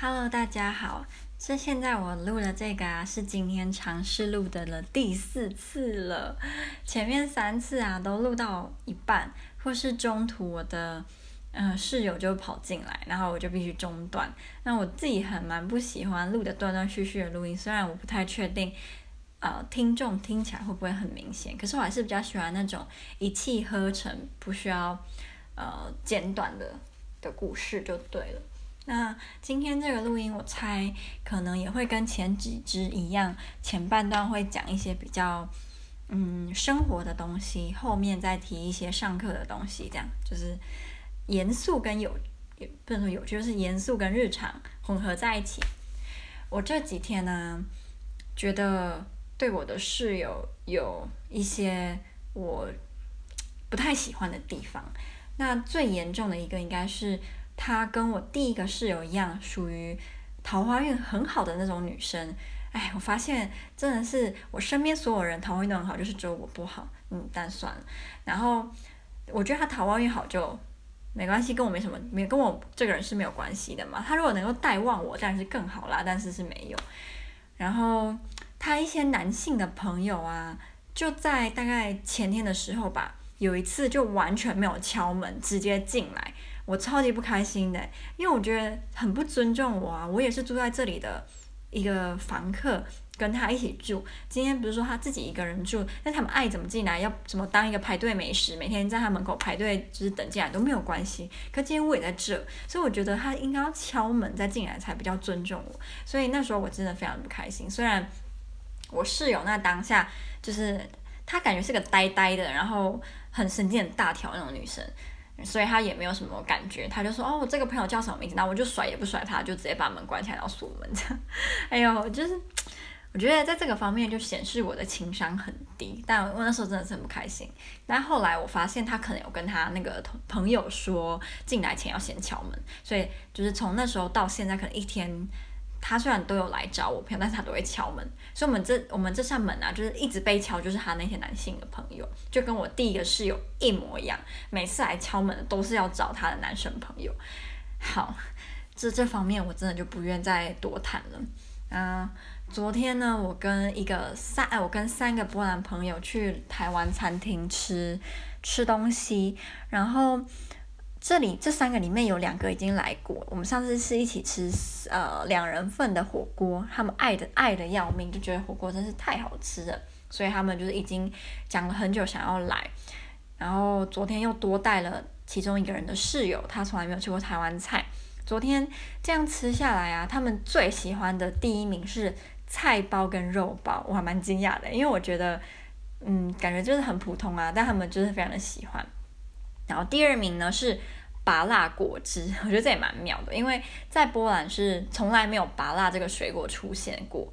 Hello，大家好。是現在我錄的這個、啊，是今天嘗試錄的了第四次了。前面三次啊，都錄到一半，或是中途我的嗯、呃、室友就跑進來，然後我就必須中斷。那我自己很蠻不喜歡錄的斷斷續續的錄音，雖然我不太確定呃聽眾聽起來會不會很明顯，可是我還是比較喜歡那種一氣呵成，不需要呃簡短的的故事就對了。那今天這個錄音，我猜可能也會跟前幾支一樣，前半段會講一些比較嗯生活的東西，後面再提一些上課的東西，這樣就是嚴肅跟有，不能說有，就是嚴肅跟日常混合在一起。我這幾天呢，覺得對我的室友有一些我不太喜歡的地方。那最嚴重的一個應該是。她跟我第一個室友一樣，屬於桃花運很好的那種女生。哎，我發現真的是我身邊所有人桃花運都很好，就是只有我不好。嗯，但算了。然後我覺得她桃花運好就沒關係，跟我沒什麼，沒有跟我這個人是沒有關係的嘛。她如果能夠帶旺我，當然是更好啦，但是是沒有。然後她一些男性的朋友啊，就在大概前天的時候吧，有一次就完全沒有敲門，直接進來。我超級不開心的，因為我覺得很不尊重我啊！我也是住在這裡的一個房客，跟他一起住。今天不是說他自己一個人住，但他們愛怎麼進來要怎麼當一個排隊美食，每天在他門口排隊就是等進來都沒有關係。可今天我也在這，所以我覺得他應該要敲門再進來才比較尊重我。所以那時候我真的非常不開心。雖然我室友那當下就是她感覺是個呆呆的，然後很神經很大條那種女生。所以他也沒有什麼感覺，他就說哦，這個朋友叫什麼名字？那我就甩也不甩他，就直接把門關起來，然後鎖門這樣。哎呦，就是我覺得在這個方面就顯示我的情商很低，但我那時候真的是很不開心。但後來我發現他可能有跟他那個朋友說進來前要先敲門，所以就是從那時候到現在，可能一天。他雖然都有來找我朋友，但是他都會敲門，所以我們這我們這扇門啊，就是一直被敲，就是他那些男性的朋友，就跟我第一個室友一模一樣，每次來敲門都是要找他的男生朋友。好，這這方面我真的就不願再多談了。嗯，昨天呢，我跟一個三，哎，我跟三個波蘭朋友去台灣餐廳吃吃東西，然後。這裡這三個裡面有兩個已經來過，我們上次是一起吃呃兩人份的火鍋，他們愛的愛的要命，就覺得火鍋真是太好吃了，所以他們就是已經講了很久想要來，然後昨天又多帶了其中一個人的室友，他從來沒有吃過台灣菜，昨天這樣吃下來啊，他們最喜歡的第一名是菜包跟肉包，我還蠻驚訝的，因為我覺得嗯感覺就是很普通啊，但他們就是非常的喜歡。然後第二名呢，是芭樂果汁，我覺得這也蠻妙的，因為在波蘭是從來沒有芭樂這個水果出現過。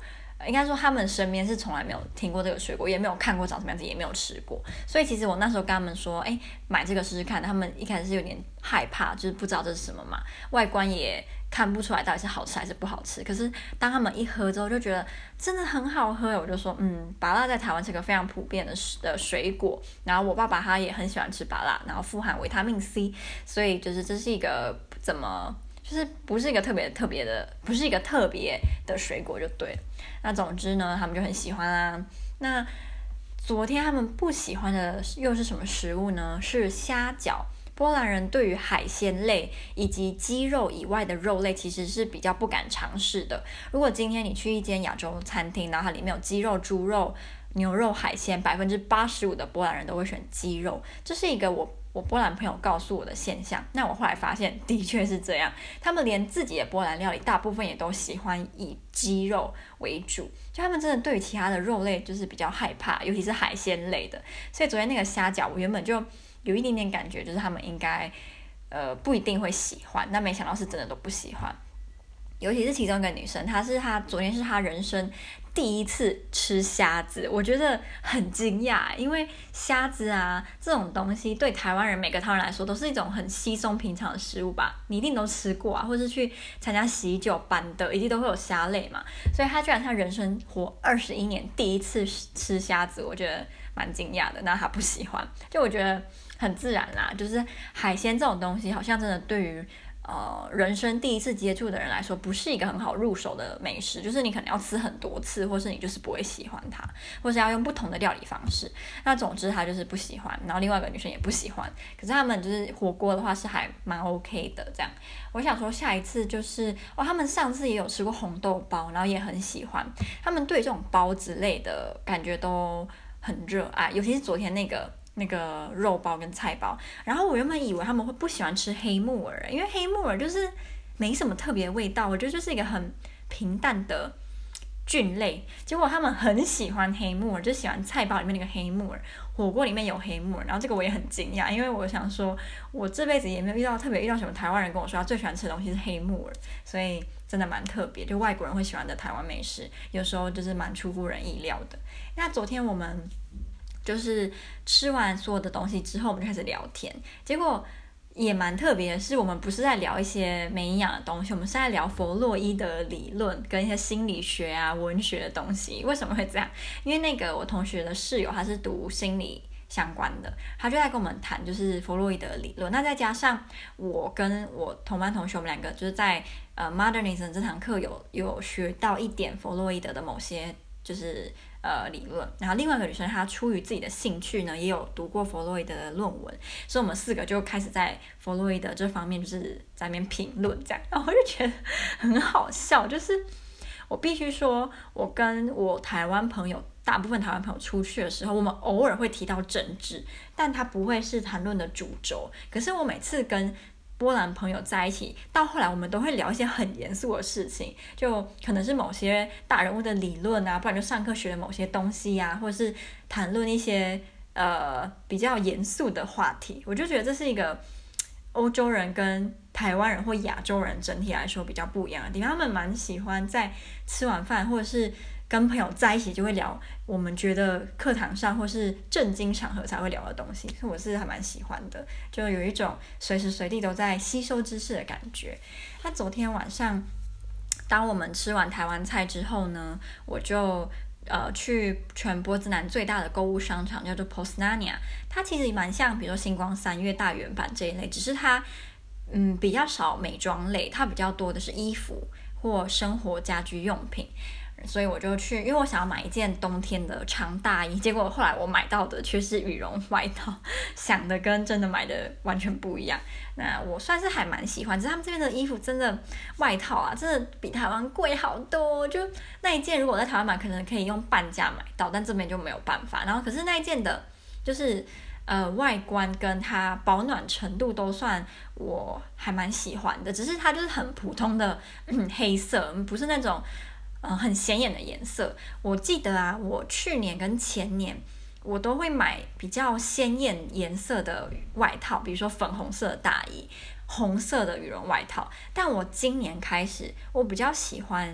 應該說他們身邊是從來沒有聽過這個水果，也沒有看過長什麼樣子，也沒有吃過。所以其實我那時候跟他們說，哎、欸，買這個試試看。他們一開始是有點害怕，就是不知道這是什麼嘛，外觀也看不出來到底是好吃還是不好吃。可是當他們一喝之後，就覺得真的很好喝、欸。我就說，嗯，芭樂在台灣是一個非常普遍的的水果。然後我爸爸他也很喜歡吃芭樂，然後富含維他命 C，所以就是這是一個怎麼。就是不是一個特別的特別的，不是一個特別的水果就對了。那總之呢，他們就很喜歡啦。那昨天他們不喜歡的又是什麼食物呢？是蝦餃。波蘭人對於海鮮類以及雞肉以外的肉類其實是比較不敢嘗試的。如果今天你去一間亞洲餐廳，然後它裡面有雞肉、豬肉、牛肉、海鮮，百分之八十五的波蘭人都會選雞肉。這是一個我。我波蘭朋友告訴我的現象，那我後來發現的確是這樣，他們連自己的波蘭料理大部分也都喜歡以雞肉為主，就他們真的對其他的肉類就是比較害怕，尤其是海鮮類的。所以昨天那個蝦餃，我原本就有一點點感覺，就是他們應該，呃，不一定會喜歡，但沒想到是真的都不喜歡。尤其是其中一個女生，她是她昨天是她人生第一次吃蝦子，我覺得很驚訝，因為蝦子啊這種東西對台灣人每個台灣人來說都是一種很稀鬆平常的食物吧，你一定都吃過啊，或是去參加喜酒班的一定都會有蝦類嘛，所以她居然她人生活二十一年第一次吃蝦子，我覺得蠻驚訝的。那她不喜歡，就我覺得很自然啦，就是海鮮這種東西好像真的對於。呃，人生第一次接觸的人來說，不是一個很好入手的美食，就是你可能要吃很多次，或是你就是不會喜歡它，或是要用不同的料理方式。那總之，他就是不喜歡。然後另外一個女生也不喜歡。可是他們就是火鍋的話是還蠻 OK 的這樣。我想說，下一次就是哦，他們上次也有吃過紅豆包，然後也很喜歡。他們對這種包子類的感覺都很熱愛，尤其是昨天那個。那個肉包跟菜包，然後我原本以為他們會不喜歡吃黑木耳，因為黑木耳就是沒什麼特別的味道，我覺得就是一個很平淡的菌類。結果他們很喜歡黑木耳，就喜歡菜包裡面那個黑木耳，火鍋裡面有黑木耳，然後這個我也很驚訝，因為我想說，我這輩子也沒有遇到特別遇到什麼台灣人跟我說他最喜歡吃的東西是黑木耳，所以真的蠻特別，就外國人會喜歡的台灣美食，有時候就是蠻出乎人意料的。那昨天我們。就是吃完所有的東西之後，我們就開始聊天。結果也蠻特別的，是我們不是在聊一些沒營養的東西，我們是在聊弗洛伊德理論跟一些心理學啊、文學的東西。為什麼會這樣？因為那個我同學的室友他是讀心理相關的，他就在跟我們談就是弗洛伊德理論。那再加上我跟我同班同學，我們兩個就是在呃 Modernism 這堂課有有學到一點弗洛伊德的某些就是。呃，理論。然後另外一個女生，她出於自己的興趣呢，也有讀過弗洛伊德的論文，所以我們四個就開始在弗洛伊德這方面就是在那邊評論這樣。然後我就覺得很好笑，就是我必須說，我跟我台灣朋友，大部分台灣朋友出去的時候，我們偶爾會提到政治，但她不會是談論的主軸。可是我每次跟波蘭朋友在一起，到後來我們都會聊一些很嚴肅的事情，就可能是某些大人物的理論啊，不然就上課學的某些東西呀、啊，或者是談論一些呃比較嚴肅的話題。我就覺得這是一個歐洲人跟台灣人或亞洲人整體來說比較不一樣的地方，他們蠻喜歡在吃完飯或者是跟朋友在一起就會聊我們覺得課堂上或是正經場合才會聊的東西，所以我是還蠻喜歡的，就有一種隨時隨地都在吸收知識的感覺。那昨天晚上，當我們吃完台灣菜之後呢，我就呃去全波茲南最大的購物商場，叫做 Posnania。它其實蠻像，比如說新光三越大遠百這一類，只是它嗯比較少美妝類，它比較多的是衣服或生活家居用品。所以我就去，因為我想要買一件冬天的長大衣，結果後來我買到的卻是羽絨外套，想的跟真的買的完全不一樣。那我算是還蠻喜歡，只是他們這邊的衣服真的外套啊，真的比台灣貴好多。就那一件，如果我在台灣買，可能可以用半價買到，但這邊就沒有辦法。然後可是那一件的，就是呃外觀跟它保暖程度都算我還蠻喜歡的，只是它就是很普通的嗯黑色，不是那種。嗯、呃，很顯眼的顏色。我記得啊，我去年跟前年我都會買比較鮮豔顏色的外套，比如說粉紅色的大衣、紅色的羽絨外套。但我今年開始，我比較喜歡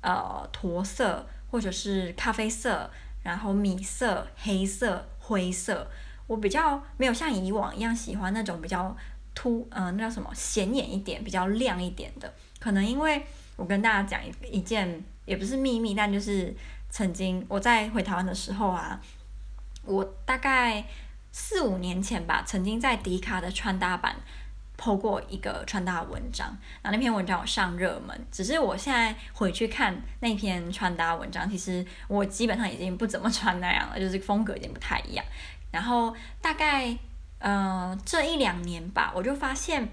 呃駝色或者是咖啡色，然後米色、黑色、灰色。我比較沒有像以往一樣喜歡那種比較突嗯、呃、那叫什麼顯眼一點、比較亮一點的。可能因為我跟大家講一一件。也不是秘密，但就是曾經我在回台灣的時候啊，我大概四五年前吧，曾經在迪卡的穿搭版 po 過一個穿搭文章，然後那篇文章我上熱門。只是我現在回去看那篇穿搭文章，其實我基本上已經不怎麼穿那樣了，就是風格已經不太一樣。然後大概嗯、呃、這一兩年吧，我就發現。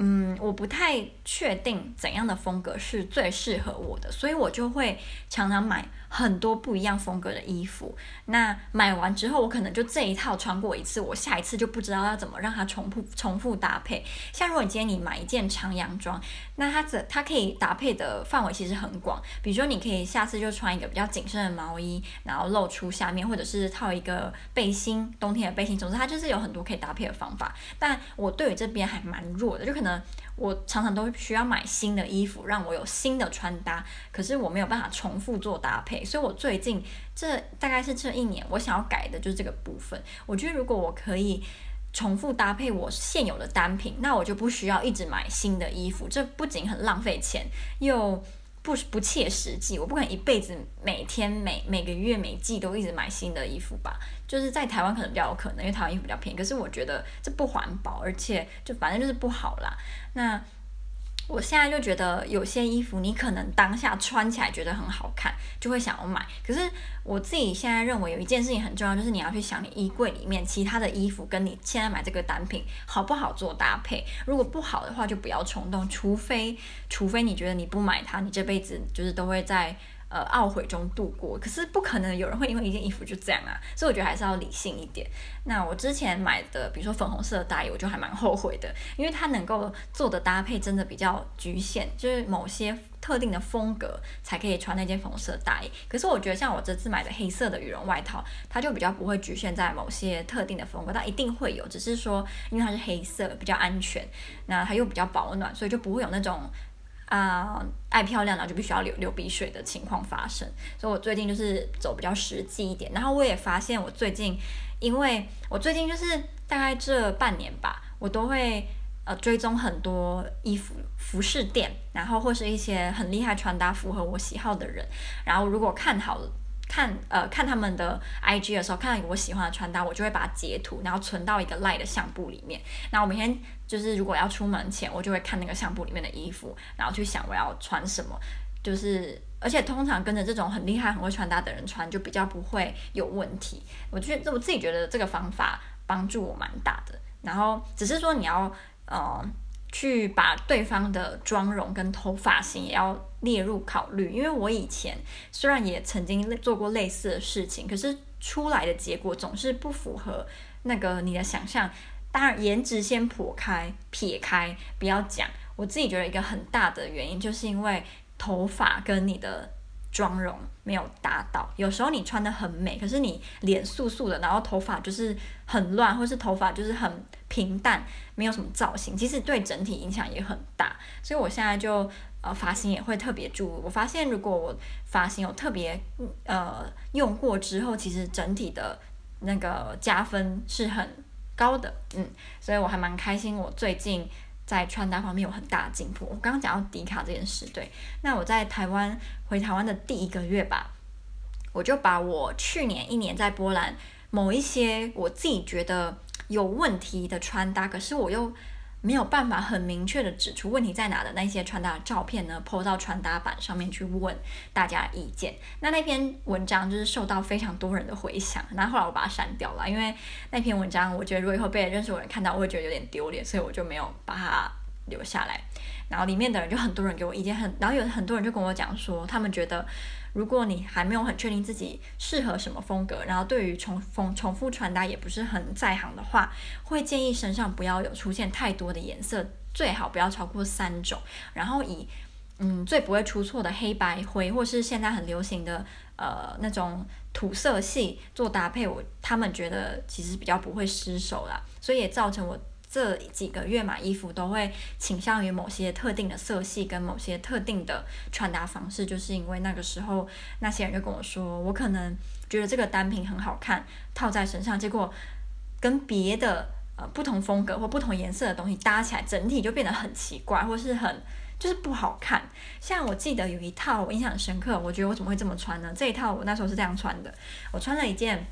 嗯，我不太確定怎樣的風格是最適合我的，所以我就會常常買。很多不一樣風格的衣服，那買完之後我可能就這一套穿過一次，我下一次就不知道要怎麼讓它重複重複搭配。像如果你今天你買一件長洋裝，那它它可以搭配的範圍其實很廣，比如說你可以下次就穿一個比較緊身的毛衣，然後露出下面，或者是套一個背心，冬天的背心，總之它就是有很多可以搭配的方法。但我對於這邊還蠻弱的，就可能。我常常都需要買新的衣服，讓我有新的穿搭。可是我沒有辦法重複做搭配，所以我最近這大概是這一年我想要改的就是這個部分。我覺得如果我可以重複搭配我現有的單品，那我就不需要一直買新的衣服。這不僅很浪費錢，又。不不切實際，我不可能一輩子每天每每個月每季都一直買新的衣服吧？就是在台灣可能比較有可能，因為台灣衣服比較便宜。可是我覺得這不環保，而且就反正就是不好啦。那。我現在就覺得有些衣服，你可能當下穿起來覺得很好看，就會想要買。可是我自己現在認為有一件事情很重要，就是你要去想你衣櫃裡面其他的衣服跟你現在買這個單品好不好做搭配。如果不好的話，就不要衝動，除非除非你覺得你不買它，你這輩子就是都會在。呃，懊悔中度過，可是不可能有人會因為一件衣服就這樣啊，所以我覺得還是要理性一點。那我之前買的，比如說粉紅色的大衣，我就還蠻後悔的，因為它能夠做的搭配真的比較局限，就是某些特定的風格才可以穿那件粉紅色大衣。可是我覺得像我這次買的黑色的羽絨外套，它就比較不會局限在某些特定的風格，它一定會有，只是說因為它是黑色，比較安全，那它又比較保暖，所以就不會有那種。啊、嗯，愛漂亮然後就必須要流流鼻水的情況發生，所以我最近就是走比較實際一點，然後我也發現我最近，因為我最近就是大概這半年吧，我都會呃追蹤很多衣服服飾店，然後或是一些很厲害穿搭符合我喜好的人，然後如果看好了。看呃看他們的 IG 的時候，看到我喜歡的穿搭，我就會把它截圖，然後存到一個 Light 的相簿裡面。那我每天就是如果要出門前，我就會看那個相簿裡面的衣服，然後去想我要穿什麼。就是而且通常跟着這種很厲害、很會穿搭的人穿，就比較不會有問題。我覺得我自己覺得這個方法幫助我蠻大的。然後只是說你要嗯。呃去把對方的妝容跟頭髮型也要列入考慮，因為我以前雖然也曾經做過類似的事情，可是出來的結果總是不符合那個你的想象。當然，顏值先剖開、撇開，不要講，我自己覺得一個很大的原因就是因為頭髮跟你的。妝容沒有達到，有時候你穿的很美，可是你臉素素的，然後頭髮就是很亂，或是頭髮就是很平淡，沒有什麼造型，其實對整體影響也很大。所以我現在就呃髮型也會特別注意。我發現如果我髮型有特別呃用過之後，其實整體的那個加分是很高的，嗯，所以我還蠻開心。我最近。在穿搭方面有很大的進步。我剛剛講到迪卡這件事，對。那我在台灣回台灣的第一個月吧，我就把我去年一年在波蘭某一些我自己覺得有問題的穿搭，可是我又。沒有辦法很明確的指出問題在哪的那些穿搭的照片呢，po 到穿搭板上面去問大家意見。那那篇文章就是受到非常多人的回響，那後來我把它刪掉了，因為那篇文章我覺得如果以後被認識我的人看到，我會覺得有點丟臉，所以我就沒有把它留下來。然後裡面的人就很多人給我意見，很然後有很多人就跟我講說，他們覺得。如果你還沒有很確定自己適合什麼風格，然後對於重複重複穿搭也不是很在行的話，會建議身上不要有出現太多的顏色，最好不要超過三種，然後以嗯最不會出錯的黑白灰，或是現在很流行的呃那種土色系做搭配，我他們覺得其實比較不會失手啦，所以也造成我。這幾個月買衣服都會傾向於某些特定的色系跟某些特定的穿搭方式，就是因為那個時候那些人就跟我說，我可能覺得這個單品很好看，套在身上，結果跟別的呃不同風格或不同顏色的東西搭起來，整體就變得很奇怪，或是很就是不好看。像我記得有一套我印象很深刻，我覺得我怎麼會這麼穿呢？這一套我那時候是這樣穿的，我穿了一件。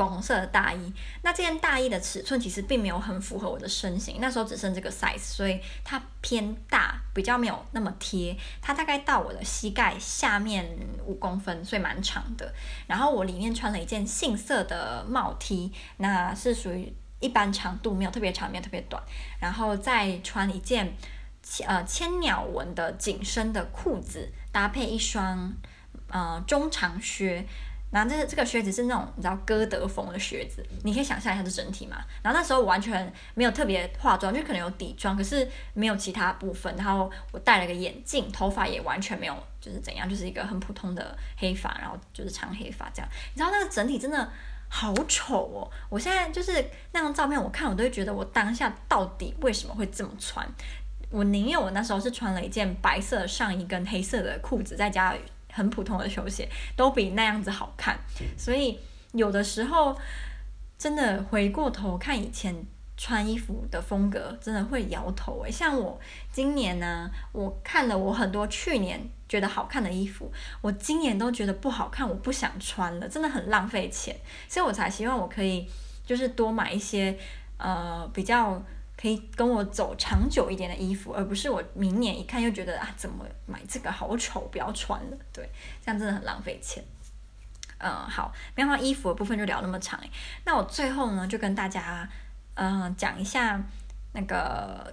粉紅色的大衣，那這件大衣的尺寸其實並沒有很符合我的身形，那時候只剩這個 size，所以它偏大，比較沒有那麼貼。它大概到我的膝蓋下面五公分，所以蠻長的。然後我裡面穿了一件杏色的帽 T，那是屬於一般長度，沒有特別長，沒有特別短。然後再穿一件，呃，千鳥紋的緊身的褲子，搭配一雙，呃，中長靴。然後這這個靴子是那種你知道歌德風的靴子，你可以想象一下這整體嘛。然後那時候我完全沒有特別化妝，就可能有底妝，可是沒有其他部分。然後我戴了個眼鏡，頭髮也完全沒有，就是怎樣，就是一個很普通的黑髮，然後就是長黑髮這樣。你知道那個整體真的好醜哦！我現在就是那張照片，我看我都會覺得我當下到底為什麼會這麼穿？我寧願我那時候是穿了一件白色上衣跟黑色的褲子，在家。很普通的球鞋都比那樣子好看，嗯，所以有的時候真的回過頭看以前穿衣服的風格，真的會搖頭誒，像我今年呢，我看了我很多去年覺得好看的衣服，我今年都覺得不好看，我不想穿了，真的很浪費錢，所以我才希望我可以就是多買一些呃比較。可以跟我走長久一點的衣服，而不是我明年一看又覺得啊，怎麼買這個好醜，不要穿了。對，這樣真的很浪費錢。嗯，好，沒想到衣服的部分就聊那麼長。那我最後呢，就跟大家嗯、呃、講一下那個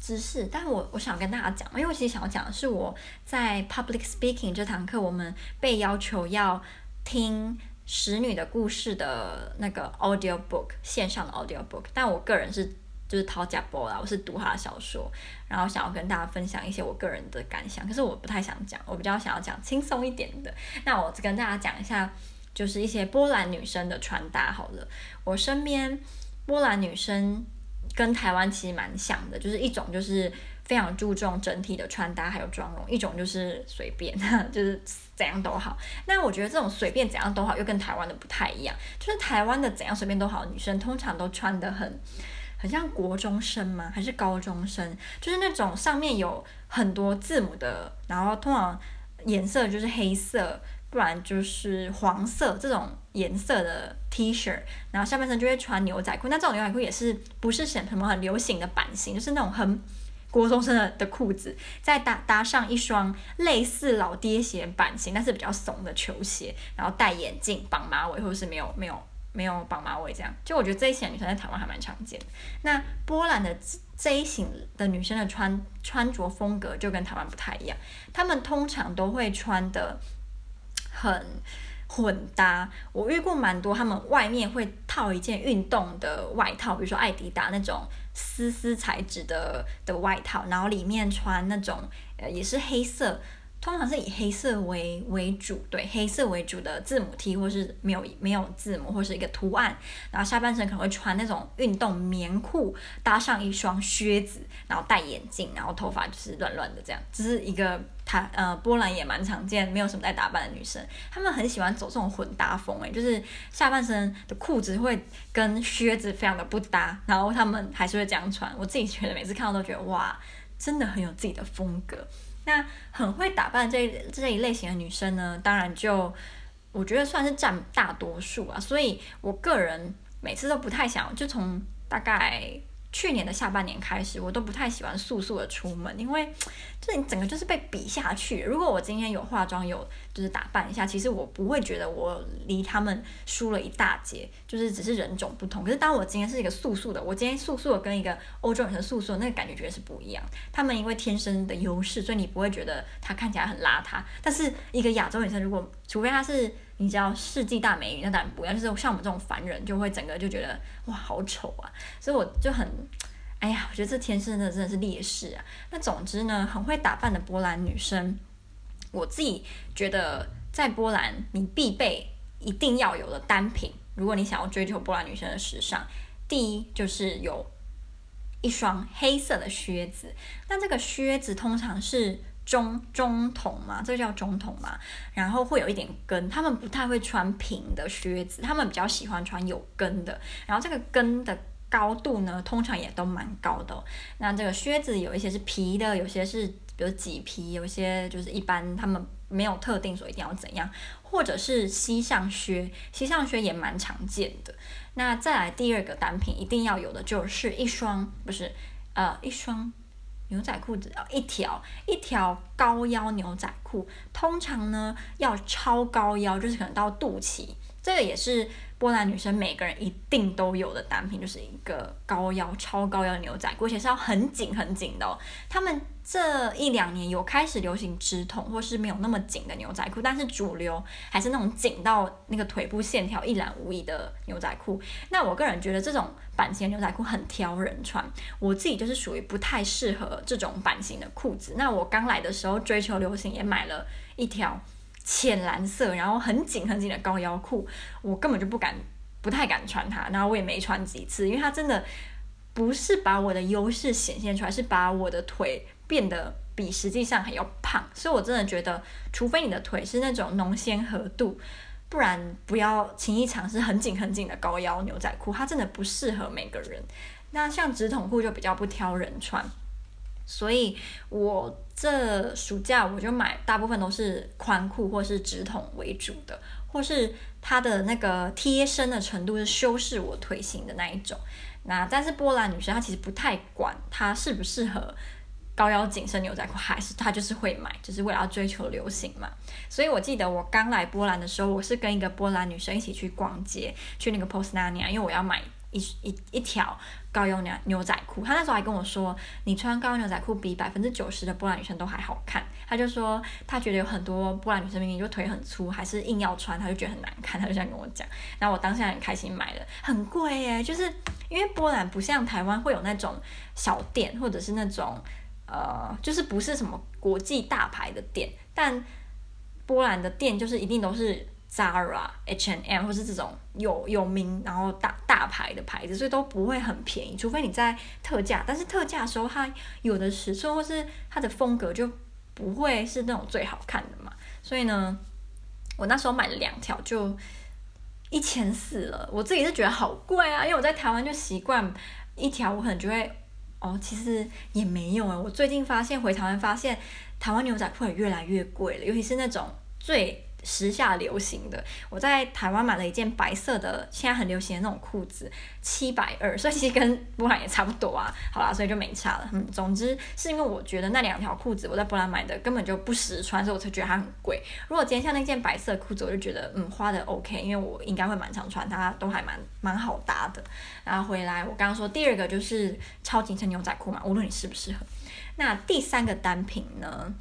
知識，但是我我想跟大家講，因為我其實想要講的是我在 Public Speaking 這堂課，我們被要求要聽《使女的故事》的那個 Audio Book 線上的 Audio Book，但我個人是。就是陶家波啦，我是讀他的小說，然後想要跟大家分享一些我個人的感想，可是我不太想講，我比較想要講輕鬆一點的。那我就跟大家講一下，就是一些波蘭女生的穿搭好了。我身邊波蘭女生跟台灣其實蠻像的，就是一種就是非常注重整體的穿搭還有妝容，一種就是隨便，就是怎樣都好。那我覺得這種隨便怎樣都好又跟台灣的不太一樣，就是台灣的怎樣隨便都好女生通常都穿得很。很像國中生嗎？還是高中生？就是那種上面有很多字母的，然後通常顏色就是黑色，不然就是黃色這種顏色的 T-shirt，然後下半身就會穿牛仔褲。那這種牛仔褲也是不是顯什麼很流行的版型，就是那種很國中生的的褲子，再搭搭上一雙類似老爹鞋的版型，但是比較慫的球鞋，然後戴眼鏡，綁馬尾，或者是沒有沒有。沒有綁馬尾這樣，就我覺得這一型的女生在台灣還蠻常見。那波蘭的這一型的女生的穿穿着風格就跟台灣不太一樣，他們通常都會穿得很混搭。我遇過蠻多，他們外面會套一件運動的外套，比如說愛迪達那種絲絲材質的的外套，然後裡面穿那種呃，也是黑色。通常是以黑色為為主，對，黑色為主的字母 T，或是沒有沒有字母，或是一個圖案，然後下半身可能會穿那種運動棉褲，搭上一雙靴子，然後戴眼鏡，然後頭髮就是亂亂的這樣，只是一個他呃波蘭也蠻常見，沒有什麼在打扮的女生，她們很喜歡走這種混搭風哎，就是下半身的褲子會跟靴子非常的不搭，然後她們還是會這樣穿，我自己覺得每次看到都覺得哇，真的很有自己的風格。那很會打扮這這一類型的女生呢，當然就我覺得算是佔大多數啊，所以我個人每次都不太想，就從大概。去年的下半年開始，我都不太喜歡素素的出門，因為這你整個就是被比下去。如果我今天有化妝，有就是打扮一下，其實我不會覺得我離他們輸了一大截，就是只是人種不同。可是當我今天是一個素素的，我今天素素的跟一個歐洲女生素素的，那個感覺絕對是不一樣。他們因為天生的優勢，所以你不會覺得她看起來很邋遢。但是一個亞洲女生，如果除非她是。你知道世紀大美女，那當然不要。就是像我們這種凡人，就會整個就覺得哇，好醜啊！所以我就很，哎呀，我覺得這天生的真的是劣勢啊。那總之呢，很會打扮的波蘭女生，我自己覺得在波蘭你必備一定要有的單品，如果你想要追求波蘭女生的時尚，第一就是有一雙黑色的靴子。那這個靴子通常是。中中筒嘛這個、叫中筒嘛然後會有一點跟，他們不太會穿平的靴子，他們比較喜歡穿有跟的，然後這個跟的高度呢，通常也都蠻高的、哦。那這個靴子有一些是皮的，有些是比如麂皮，有些就是一般他們沒有特定說一定要怎樣，或者是膝上靴，膝上靴也蠻常見的。那再來第二個單品，一定要有的就是一雙，不是，呃，一雙。牛仔褲只要一條，一條高腰牛仔褲，通常呢要超高腰，就是可能到肚臍，這個也是。波蘭女生每個人一定都有的單品就是一個高腰、超高腰的牛仔褲，而且是要很緊、很緊的哦。他們這一兩年有開始流行直筒或是沒有那麼緊的牛仔褲，但是主流還是那種緊到那個腿部線條一覽無遺的牛仔褲。那我個人覺得這種版型牛仔褲很挑人穿，我自己就是屬於不太適合這種版型的褲子。那我剛來的時候追求流行也買了一條。淺藍色，然後很緊很緊的高腰褲，我根本就不敢，不太敢穿它。然後我也沒穿幾次，因為它真的不是把我的優勢顯現出來，是把我的腿變得比實際上還要胖。所以我真的覺得，除非你的腿是那種穠纖合度，不然不要輕易嘗試很緊很緊的高腰牛仔褲，它真的不適合每個人。那像直筒褲就比較不挑人穿。所以，我這暑假我就買，大部分都是寬褲或是直筒為主的，或是它的那個貼身的程度是修飾我腿型的那一種。那但是波蘭女生她其實不太管它適不適合高腰緊身牛仔褲，還是她就是會買，就是為了要追求流行嘛。所以我記得我剛來波蘭的時候，我是跟一個波蘭女生一起去逛街，去那個 Posnania，因為我要買一一一條。高腰牛牛仔褲，他那時候還跟我說，你穿高腰牛仔褲比百分之九十的波蘭女生都還好看。他就說，他覺得有很多波蘭女生明明就腿很粗，還是硬要穿，他就覺得很難看。他就這樣跟我講，然後我當下很開心買了，很貴耶，就是因為波蘭不像台灣會有那種小店，或者是那種呃，就是不是什麼國際大牌的店，但波蘭的店就是一定都是。Zara、H&M 或是這種有有名然後大大牌的牌子，所以都不會很便宜，除非你在特價。但是特價的時候，它有的尺寸或是它的風格就不會是那種最好看的嘛。所以呢，我那時候買了兩條就一千四了，我自己是覺得好貴啊，因為我在台灣就習慣一條我可能就會哦，其實也沒有啊。我最近發現回台灣發現台灣牛仔褲也越來越貴了，尤其是那種最。時下流行的，我在台灣買了一件白色的，現在很流行的那種褲子，七百二，所以其實跟波蘭也差不多啊，好啦，所以就沒差了。嗯，總之是因為我覺得那兩條褲子我在波蘭買的根本就不實穿，所以我才覺得它很貴。如果今天像那件白色褲子，我就覺得嗯，花的 OK，因為我應該會蠻常穿，它都還蠻蠻好搭的。然後回來我剛剛說第二個就是超緊身牛仔褲嘛，無論你適不適合。那第三個單品呢，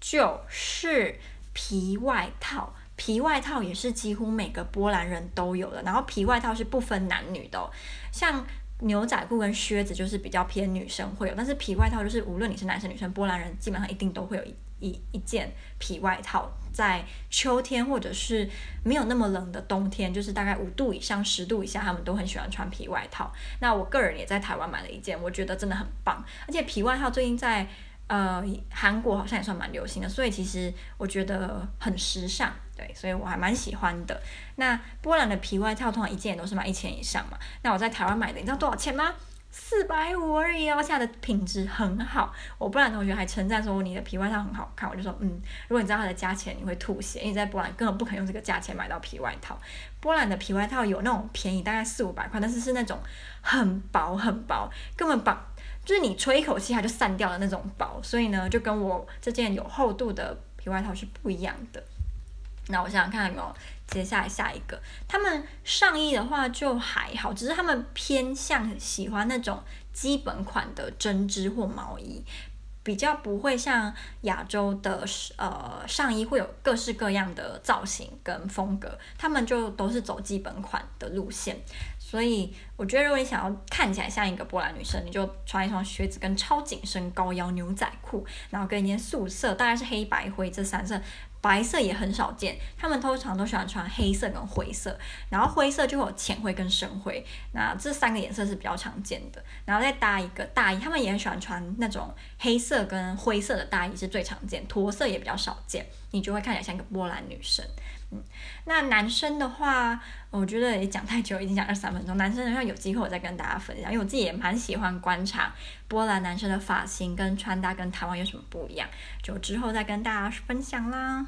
就是。皮外套，皮外套也是幾乎每個波蘭人都有的。然後皮外套是不分男女的哦，像牛仔褲跟靴子就是比較偏女生會有，但是皮外套就是無論你是男生女生，波蘭人基本上一定都會有一一一件皮外套。在秋天或者是沒有那麼冷的冬天，就是大概五度以上十度以下，他們都很喜歡穿皮外套。那我個人也在台灣買了一件，我覺得真的很棒。而且皮外套最近在。呃，韓國好像也算蠻流行的，所以其實我覺得很時尚，對，所以我還蠻喜歡的。那波蘭的皮外套通常一件也都是賣一千以上嘛。那我在台灣買的，你知道多少錢嗎？四百五而已哦，它的品質很好。我波蘭同學還稱讚說，你的皮外套很好看，我就說嗯。如果你知道它的價錢，你會吐血，因為在波蘭根本不可能用這個價錢買到皮外套。波蘭的皮外套有那種便宜大概四五百塊，但是是那種很薄很薄，根本把。就是你吹一口氣它就散掉的那種薄，所以呢，就跟我這件有厚度的皮外套是不一樣的。那我想想看有沒有，接下來下一個，他們上衣的話就還好，只是他們偏向喜歡那種基本款的針織或毛衣。比較不會像亞洲的呃上衣會有各式各樣的造型跟風格，他們就都是走基本款的路線，所以我覺得如果你想要看起來像一個波蘭女生，你就穿一雙靴子跟超緊身高腰牛仔褲，然後跟一件素色，大概是黑白灰這三色。白色也很少見，他們通常都喜歡穿黑色跟灰色，然後灰色就會有淺灰跟深灰，那這三個顏色是比較常見的，然後再搭一個大衣，他們也很喜歡穿那種黑色跟灰色的大衣是最常見，駝色也比較少見，你就會看起來像一個波蘭女神。嗯，那男生的話，我覺得也講太久，已經講二三分鐘。男生的話，有機會我再跟大家分享，因為我自己也蠻喜歡觀察波蘭男生的髮型跟穿搭跟台灣有什麼不一樣，就之後再跟大家分享啦。